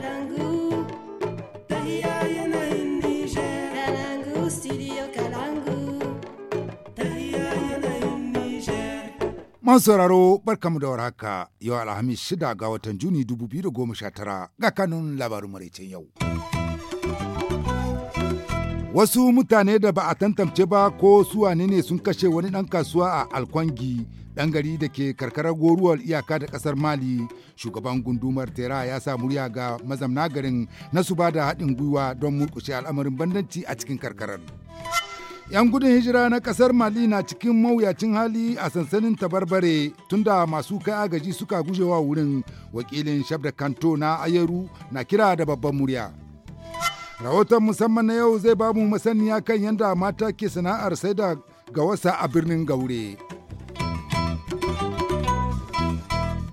Kalangu, Niger. Kalangu, sauraro barkamu da warhaka yau alhamis shida ga watan Juni da goma sha tara, ga kanun labarin maraicen yau. Wasu mutane da ba a tantance ba ko suwa ne sun kashe wani ɗan kasuwa a Alkwangi ɗan gari da ke karkarar goruwar iyaka da ƙasar mali shugaban gundumar tera ya sa murya ga mazamna garin na su ba da haɗin gwiwa don murƙushe al'amarin bandanci a cikin karkarar 'yan gudun hijira na kasar mali na cikin mawuyacin hali a sansanin tabarbare tunda masu kai agaji suka wa wurin wakilin shabda kanto na ayaru na kira da babban murya rahoton musamman na yau zai bamu masaniya kan yadda mata ke sana'ar sai da wasa a birnin gaure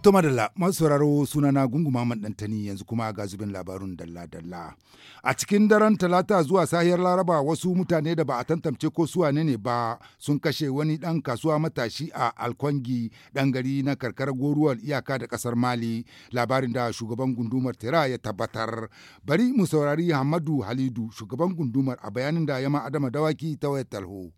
To madalla masu sauraro sunana gunguma maɗantani yanzu kuma ga zubin labarun dalla-dalla. A cikin daren talata zuwa sahiyar laraba wasu mutane da ba a tantance ko suwa ne ba sun kashe wani ɗan kasuwa matashi a Alkwangi ɗan gari na karkar goruwar iyaka da ƙasar Mali labarin da shugaban gundumar Tera ya tabbatar. Bari mu saurari Hamadu Halidu shugaban gundumar a bayanin da ya ma Adama Dawaki ta wayar talho.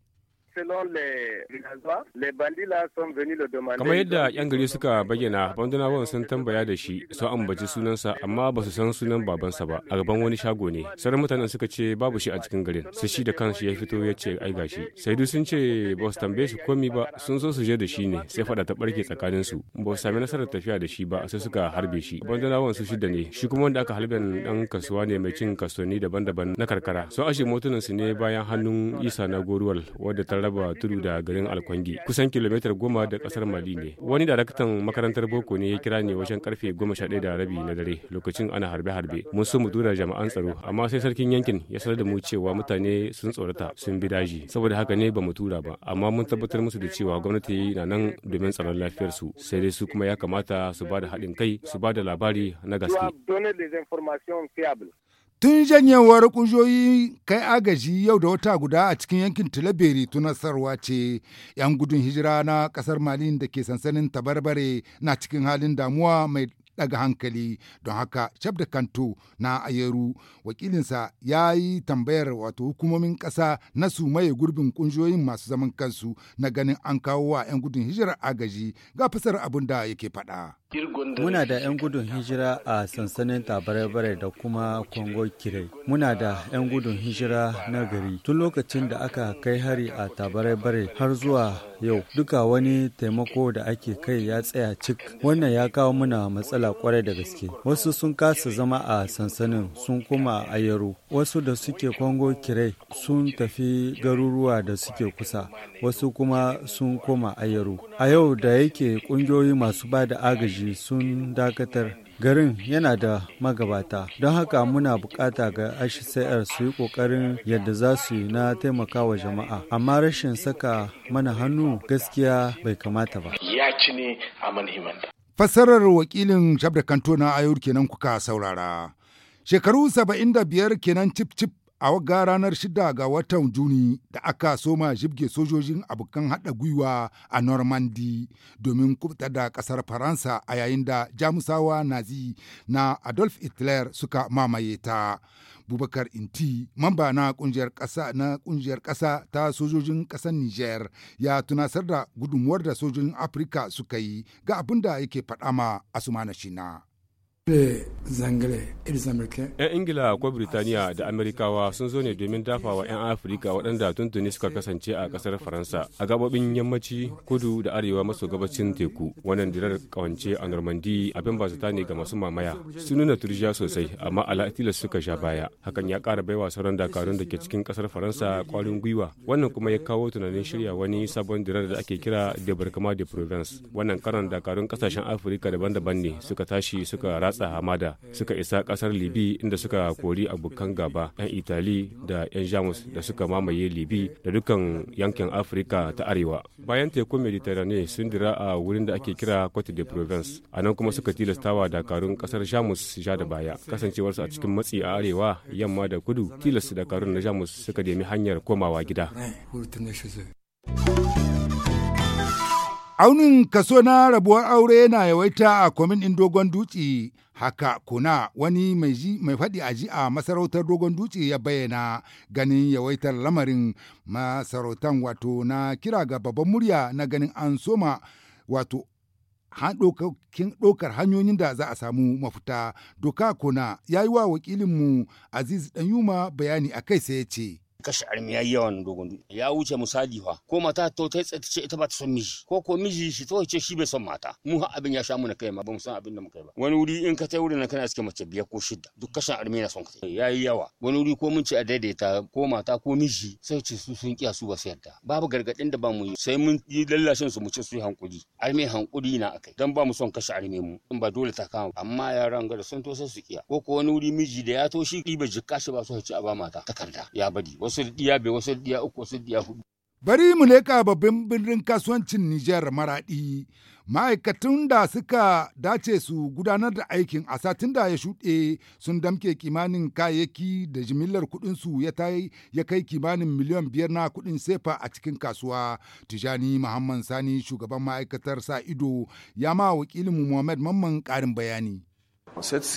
les bandits là sont venus le demander. Kamar yadda 'yan gari suka bayyana, bandunawan sun tambaya da shi su ambaci sunansa amma ba su san sunan babansa ba a gaban wani shago ne. sai mutanen suka ce babu shi a cikin garin. Sai shi da kanshi ya fito ya ce ai gashi. Sai du sun ce ba su tambaye shi komi ba sun so su je da shi ne sai fada ta barke tsakanin su. Ba su sami nasarar tafiya da shi ba sai suka harbe shi. Bandunawan su shida ne. Shi kuma wanda aka harben dan kasuwa ne mai cin kasuwanni daban-daban na karkara. Sun ashe motunan su ne bayan hannun Isa na goruwal wadda ta raba tudu da garin alkwangi kusan kilomita goma da kasar mali ne wani daraktan makarantar boko ne ya kira ne wajen karfe goma sha da rabi na dare lokacin ana harbe-harbe mun so mu dura jama'an tsaro amma sai sarkin yankin ya sanar da mu cewa mutane sun tsorata sun bi daji saboda haka ne ba mu tura ba amma mun tabbatar musu da cewa gwamnati na nan domin tsaron lafiyar su sai dai su kuma ya kamata su ba da haɗin kai su ba da labari na gaske Tun janyewar kujoyi kai agaji yau da wata guda a cikin yankin Tilaberi tunasarwa ce, ‘yan gudun hijira na kasar Malin da ke sansanin tabarbare na cikin halin damuwa mai ɗaga hankali don haka da kanto na ayeru wakilinsa ya yi tambayar wato hukumomin ƙasa na su maye gurbin ƙungiyoyin masu zaman kansu na ganin an kawo wa 'yan gudun hijirar agaji ga fasar abin da yake faɗa. Muna da 'yan gudun hijira a sansanin tabarabare da kuma Kongo Kirai. Muna da 'yan gudun hijira na gari. Tun lokacin da aka kai hari a tabarabare har zuwa yau duka wani taimako da ake kai ya tsaya cik. Wannan ya kawo muna matsala Allah kwarai da gaske. Wasu sun kasa zama a sansanin sun kuma a yaro. Wasu da suke kwango kirai sun tafi garuruwa da suke kusa. Wasu kuma sun koma a A yau da yake ƙungiyoyi masu ba da agaji sun dakatar garin yana da magabata don haka muna bukata ga hcr su yi kokarin yadda za su yi na taimakawa jama'a amma rashin saka mana hannu gaskiya bai kamata ba ya ci ne a manhimanta Fassarar wakilin Shabda Kanto na Ayur kenan kuka saurara. Shekaru saba'in da biyar kenan cip cip a waga ranar shida ga watan Juni da aka soma jibge sojojin abokan haɗa gwiwa a Normandy domin kubta da ƙasar Faransa a yayin da Jamusawa Nazi na Adolf Hitler suka mamaye ta. Bubakar Inti, mamba na kungiyar ƙasa na kungiyar kasa ta sojojin ƙasar Niger ya tunasar da gudunmuwar da sojojin Afirka suka yi ga abin da yake faɗa ma Asumana Shina. 'Yan Ingila ko Birtaniya da Amerikawa sun zo ne domin dafawa 'yan Afirka waɗanda tuntuni suka kasance a ƙasar Faransa a gababin yammaci, kudu da arewa maso gabacin teku. Wannan dirar kawance a Normandy abin ba zata ne ga masu mamaya. Sun nuna turjiya sosai amma ala suka sha baya. Hakan ya ƙara baiwa sauran dakarun da ke cikin ƙasar Faransa ƙwarin gwiwa. Wannan kuma ya kawo tunanin shirya wani sabon dirar da ake kira de barkama de Provence. Wannan karan dakarun kasashen Afirka daban-daban ne suka tashi suka ratsa ratsa hamada suka isa kasar libi inda suka kori abokan gaba 'yan itali da 'yan jamus da suka mamaye libi da dukkan yankin afirka ta arewa bayan teku mediterane sun dira a wurin da ake kira cote de provence a nan kuma suka tilastawa dakarun kasar jamus ja da baya kasancewarsu a cikin matsi a arewa yamma da kudu tilasta dakarun na jamus suka nemi hanyar komawa gida Aunin kaso na rabuwar aure yana yawaita a kwamin ɗin dogon dutse haka kuna wani mai faɗi aji a masarautar dogon dutse ya bayyana ganin yawaitar lamarin masarautan wato na kira ga babban murya na ganin an soma wato ɗaukar hanyoyin da za a samu mafita doka kuna ya yi wa wakilinmu aziz ɗanyuma bayani a kai sai ya ce kashe armi yayi yawan dogon ya wuce misali fa ko mata to ta ce ita ba ta son miji ko ko miji shi to ce shi bai son mata mu har abin ya sha mu na kai ma ba mu san abin da mu kai ba wani wuri in ka tai wurin kana suke mace biyar ko shida duk kashin armi na son Ya yi yawa wani wuri ko mun ce a daidaita ko mata ko miji sai ce su sun kiya su ba su yarda babu gargadin da ba mu yi sai mun yi lallashin su mu ce su yi hankuri armi hankuri na akai dan ba mu son kashe armi mu in ba dole ta kama amma yaran ga da sun to sai su kiya ko ko wani wuri miji da ya to shi ba jikka shi ba su ci a ba mata takarda ya bari wasu diya bai wasu diya uku wasu diya hudu. Bari mu leka babban birnin kasuwancin Nijar maraɗi ma'aikatan da suka dace su gudanar da aikin a satin da ya shuɗe sun damke kimanin kayayyaki da jimillar kuɗinsu ya ya kai kimanin miliyan biyar na kuɗin sefa a cikin kasuwa tijani muhammad sani shugaban ma'aikatar sa ido ya ma wakilin muhammad mamman ƙarin bayani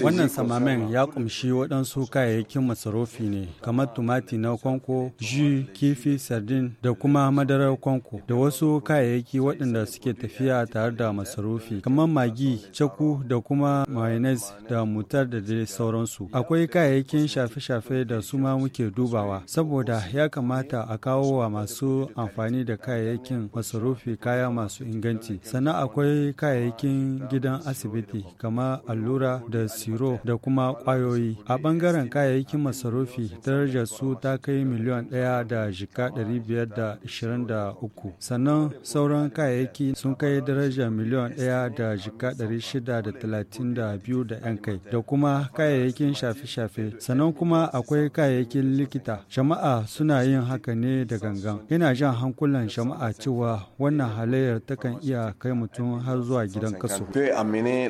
Wannan samamen ya kumshi waɗansu kayayyakin masarufi ne kamar tumati na kwanko, ji, kifi, sardin da kuma madarar kwanko da wasu kayayyaki waɗanda suke tafiya tare da masarufi kamar magi, caku da kuma mayonnaise da mutar da dai sauransu. Akwai kayayyakin shafe-shafe da su ma muke dubawa saboda ya kamata a kawo wa masu amfani da kayayyakin masarufi kaya masu inganci. Sannan akwai kayayyakin gidan asibiti kamar allura da siro da kuma kwayoyi. A bangaren kayayyakin masarufi darajar su ta kai miliyan ɗaya da jika ɗari biyar da ishirin da uku. Sannan sauran kayayyaki sun kai darajar miliyan ɗaya da jika ɗari shida da talatin da biyu da ‘yan kai da kuma kayayyakin shafe-shafe. Sannan kuma akwai kayayyakin likita. Jama'a suna yin haka ne da gangan. Ina jan hankulan jama'a cewa wannan halayyar takan iya kai mutum har zuwa gidan kaso.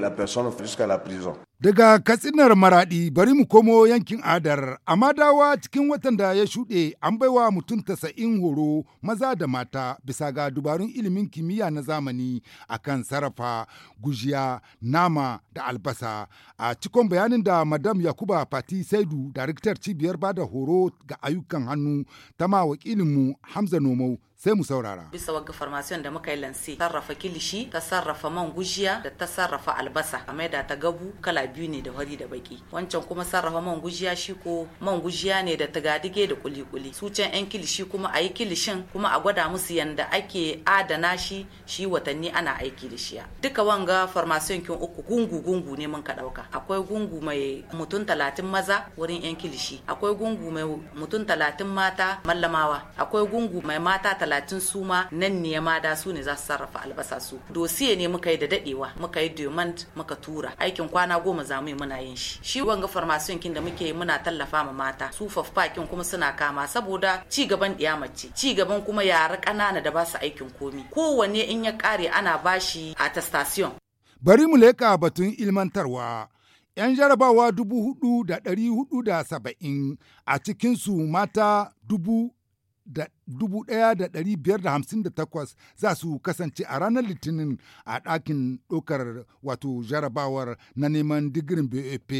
la personne jusqu'à la prison. Daga katsinar maraɗi bari mu komo yankin adar, amma dawa cikin watan da ya shuɗe an baiwa mutum tasa'in horo maza da mata bisa ga dubarun ilimin kimiyya na zamani a kan sarrafa gujiya, nama da albasa. A cikon bayanin da Madam Yakuba Fati Saidu, daraktar cibiyar bada horo ga ayyukan hannu, ta ma wakilinmu Hamza Nomau sai mu saurara. Bisa wagga farmasiyon da muka yi lansi sarrafa kilishi ta sarrafa man gujiya da ta sarrafa albasa a maida ta gabu kala biyu ne da wari da baki. Wancan kuma sarrafa man gujiya shi ko man gujiya ne da tagadige da kuli-kuli. Su can 'yan kilishi kuma a yi kilishin kuma a gwada musu yanda ake adana shi shi watanni ana aiki da shi. Duka wanga farmasiyon kin uku gungu-gungu ne mun ka ɗauka. Akwai gungu mai mutum talatin maza wurin 'yan kilishi. Akwai gungu mai mutum talatin mata mallamawa. Akwai gungu mai mata talatin talatin su ma nan ne ma da su ne za su sarrafa albasa su dosiye ne muka yi da dadewa muka yi demand muka tura aikin kwana goma za mu yi muna yin shi shi wanga farmasiyon kin da muke yi muna tallafa ma mata su faffakin kuma suna kama saboda ci gaban mace ci gaban kuma yara kanana da ba su aikin komi kowanne in ya kare ana bashi attestation bari mu leka batun ilmantarwa 'yan jarabawa dubu hudu hudu da da saba'in a cikinsu mata dubu da. 1,558 za su kasance a ranar litinin a ɗakin ɗaukar wato jarabawar na neman digirin bap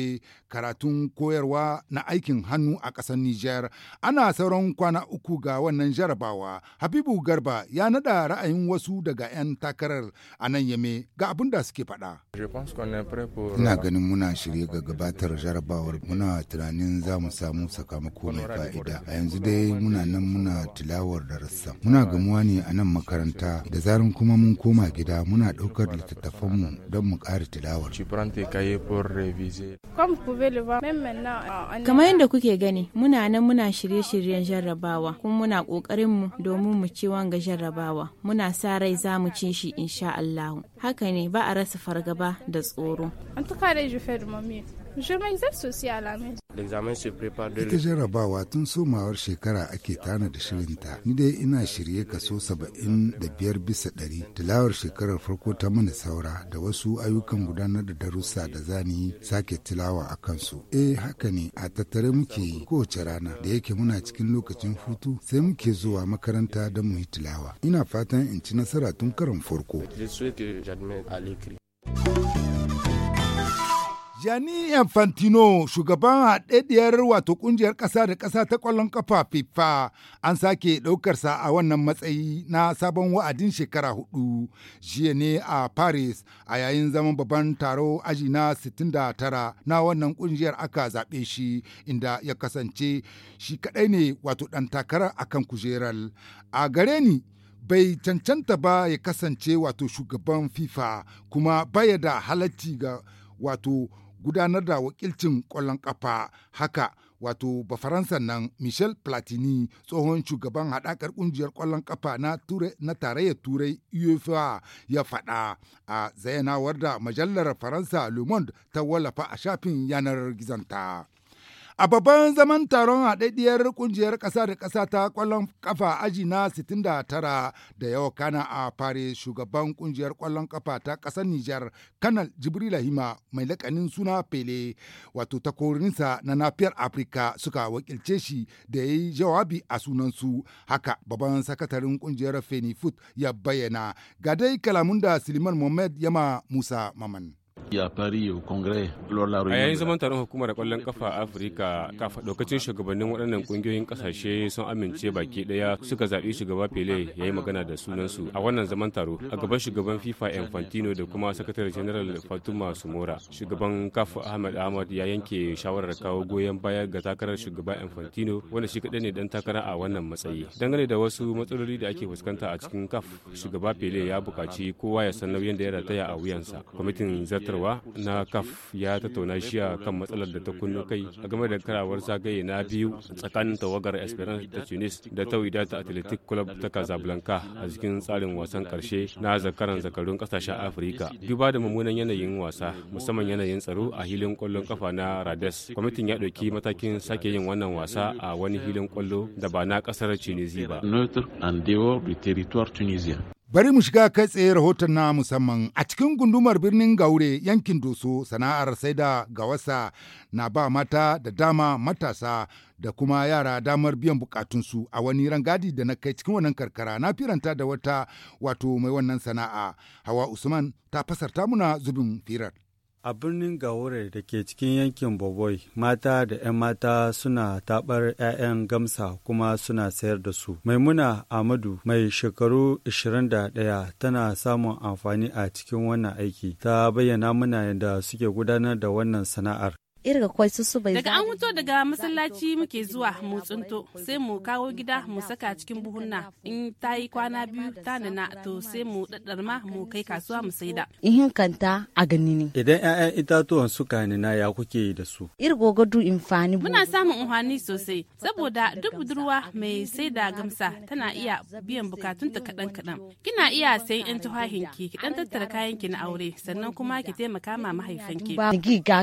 karatun koyarwa na aikin hannu a ƙasar niger ana sauran kwana uku ga wannan jarabawa habibu garba ya nada ra'ayin wasu daga 'yan takarar a nan yame ga abin da suke faɗa ina ganin muna shirye ga gabatar jarabawar muna tunanin za mu samu sakamako mai fa'ida a yanzu dai muna nan muna adawar darussan. Muna gamuwa ne a nan makaranta da zarin kuma mun koma gida muna ɗaukar littattafanmu don mu ƙara tilawar. Euh, Kamar yadda kuke gani, muna nan muna shirye-shiryen jarrabawa, kuma muna mu domin mu ci wanga jarrabawa. Muna sa rai za mu ci shi insha Allah. Haka ne ba a rasa fargaba da tsoro. Je m'exerce aussi à la maison. L'examen se prépare de Ita jarabawa tun somawar shekara ake tana da shirinta. Ni dai ina shirye kaso saba'in da biyar bisa ɗari. Tilawar shekarar farko ta mana saura da wasu ayyukan gudanar da darussa da zani sake tilawa a kansu. Eh haka ne a tattare muke kowace rana da yake muna cikin lokacin hutu sai muke zuwa makaranta don mu yi tilawa. Ina fatan in ci nasara tun karon farko. Jani Infantino shugaban haɗaɗɗiyar wato ƙungiyar ƙasa da ƙasa ta ƙwallon ƙafa FIFA an sake ɗaukarsa a wannan matsayi na sabon wa'adin shekara hudu jiya ne a Paris a yayin zaman babban taro aji na 69 na wannan ƙungiyar aka zaɓe shi inda ya kasance shi kaɗai ne wato ɗan takarar akan kujerar. A gare ni bai cancanta ba ya kasance wato shugaban FIFA kuma baya da halatti ga wato gudanar da wakilcin ƙwallon ƙafa haka wato ba faransa nan michel platini tsohon shugaban haɗakar ƙungiyar kwallon ƙafa na, na tarayyar turai uefa ya faɗa a zayanawar da majallar faransa le monde ta wallafa a shafin yanar gizonta. A babban zaman taron haɗaɗɗiyar ƙungiyar ƙasa da ƙasa ta ƙwallon ƙafa aji na 69 da yau kana a fare shugaban ƙungiyar ƙwallon ƙafa ta ƙasar Nijar, Kanal Jibril Hima mai lakanin suna Pele, wato ta takorinsa na nafiyar Afirka suka wakilce shi da ya yi jawabi a sunansu. Haka babban sakatarin ƙungiyar Fenifut ya bayyana. Ga dai kalamun da Suleiman Mohammed Yama Musa Maman. A yayin zaman taron hukumar kwallon kafa a Afirka kafa lokacin shugabannin waɗannan kungiyoyin kasashe sun amince baki ɗaya suka zaɓi shugaba Pele ya yi magana da sunansu a wannan zaman taro a gaban shugaban FIFA Infantino da kuma sakatare general Fatuma Sumora. Shugaban kafa Ahmed Ahmad ya yanke shawarar kawo goyon baya ga takarar shugaba Infantino wanda shi kaɗai ne dan takara a wannan matsayi. Dangane da wasu matsaloli da ake fuskanta a cikin kaf shugaba Pele ya buƙaci kowa ya san nauyin da ya rataya a wuyansa. Kwamitin zartarwa gudanarwa na kaf ya tattauna shi a kan matsalar da ta kunnu kai a game da karawar zagaye na biyu tsakanin tawagar esperance da tunis da ta wida ta athletic club ta casablanca a cikin tsarin wasan karshe na zakaran zakarun kasashen afirka duba da mummunan yanayin wasa musamman yanayin tsaro a hilin kwallon kafa na rades kwamitin ya ɗauki matakin sake yin wannan wasa a wani hilin kwallo da ba na kasar tunisia ba Bari mu shiga kai tsaye rahoton na musamman a cikin gundumar birnin Gaure yankin Doso sana'ar sai da gawasa na ba mata da dama matasa da kuma yara damar biyan bukatunsu a wani rangadi da na kai cikin wannan karkara na firanta da wata wato mai wannan sana'a. Hawa Usman ta fasarta muna zubin firar. A birnin Gawore da ke cikin yankin Boboi, mata da 'yan mata suna taɓar 'ya'yan gamsa kuma suna sayar da su. Maimuna Amadu mai shekaru 21 tana samun amfani a cikin wannan aiki. Ta bayyana mana yadda suke gudanar da wannan sana'ar. irga kwai su su bai daga an wuto daga masallaci muke zuwa mu tsunto sai mu kawo gida mu saka cikin buhunna in ta yi kwana biyu ta nana to sai mu ma mu kai kasuwa mu saida in kanta a gani ne idan ƴaƴan itatuwan ka nina ya kuke da su irgo gadu infani muna samun umhani sosai saboda duk budurwa mai saida gamsa tana iya biyan bukatun ta kaɗan kaɗan kina iya sayan yan tuhahin ki ki dan tattara kayan ki na aure sannan kuma ki taimaka ma mahaifanki ba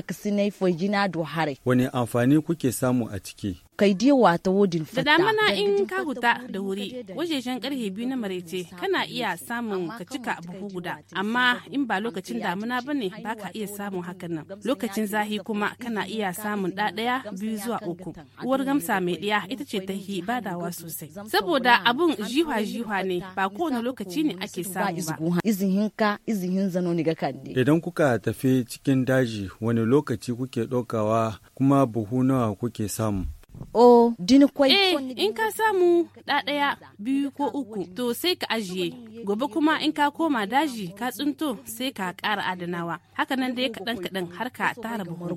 ka sinai na hari. Wani amfani kuke samu a ciki? kai dewa wata wodin fata. Da damana in ka huta da wuri wajejen karfe biyu na marece kana iya samun ka cika buhu guda amma in ba lokacin damuna ba ne ba ka iya samun hakan nan lokacin zahi kuma kana iya samun ɗaɗaya biyu zuwa uku uwar gamsa mai ɗaya ita ce ta hi badawa sosai saboda abun jiwa jiwa ne ba kowane lokaci ne ake samu ba. zano ni ga kande. Idan kuka tafi cikin daji wani lokaci kuke dokawa kuma buhu nawa kuke samu. o dini kwai eh in ka samu da daya biyu ko uku to sai ka ajiye gobe kuma in ka koma daji ka tsinto sai ka ƙara adanawa haka nan dai kaɗan kaɗan har ka tara buhu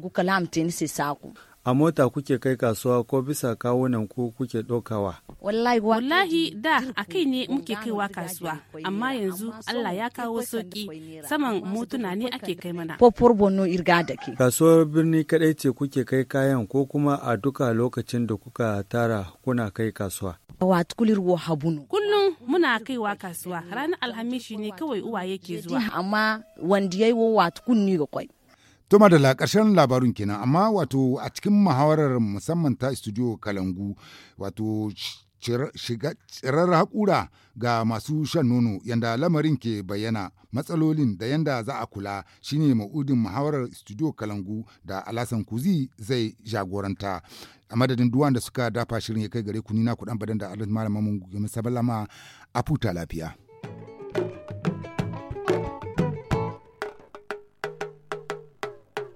a mota kuke kai kasuwa ko bisa kawunan ku kuke ɗaukawa? Wallahi da a kai ne muke kaiwa kasuwa, amma yanzu Allah ya kawo sauki. saman motuna ne ake kai mana. irga da ke. Kasuwar birni kaɗai ce kuke kai kayan ko kuma a duka lokacin da kuka tara kuna kai kasuwa. Kullum muna kaiwa kasuwa ranar alhamishi ne kawai uwa yake zuwa. Amma wanda ya yi wa ne ga kwai. To da ƙarshen labarun kenan amma wato a cikin muhawarar musamman ta studio Kalangu wato shiga tsirar haƙura ga masu shan nono yanda lamarin ke bayyana matsalolin da yanda za a kula shine ma'udin muhawarar studio kalangu da alasan kuzi zai jagoranta a madadin duwan da suka dafa shirin ya kai gare ku nina kudan badan da alhaji malamin mu sabalama a futa lafiya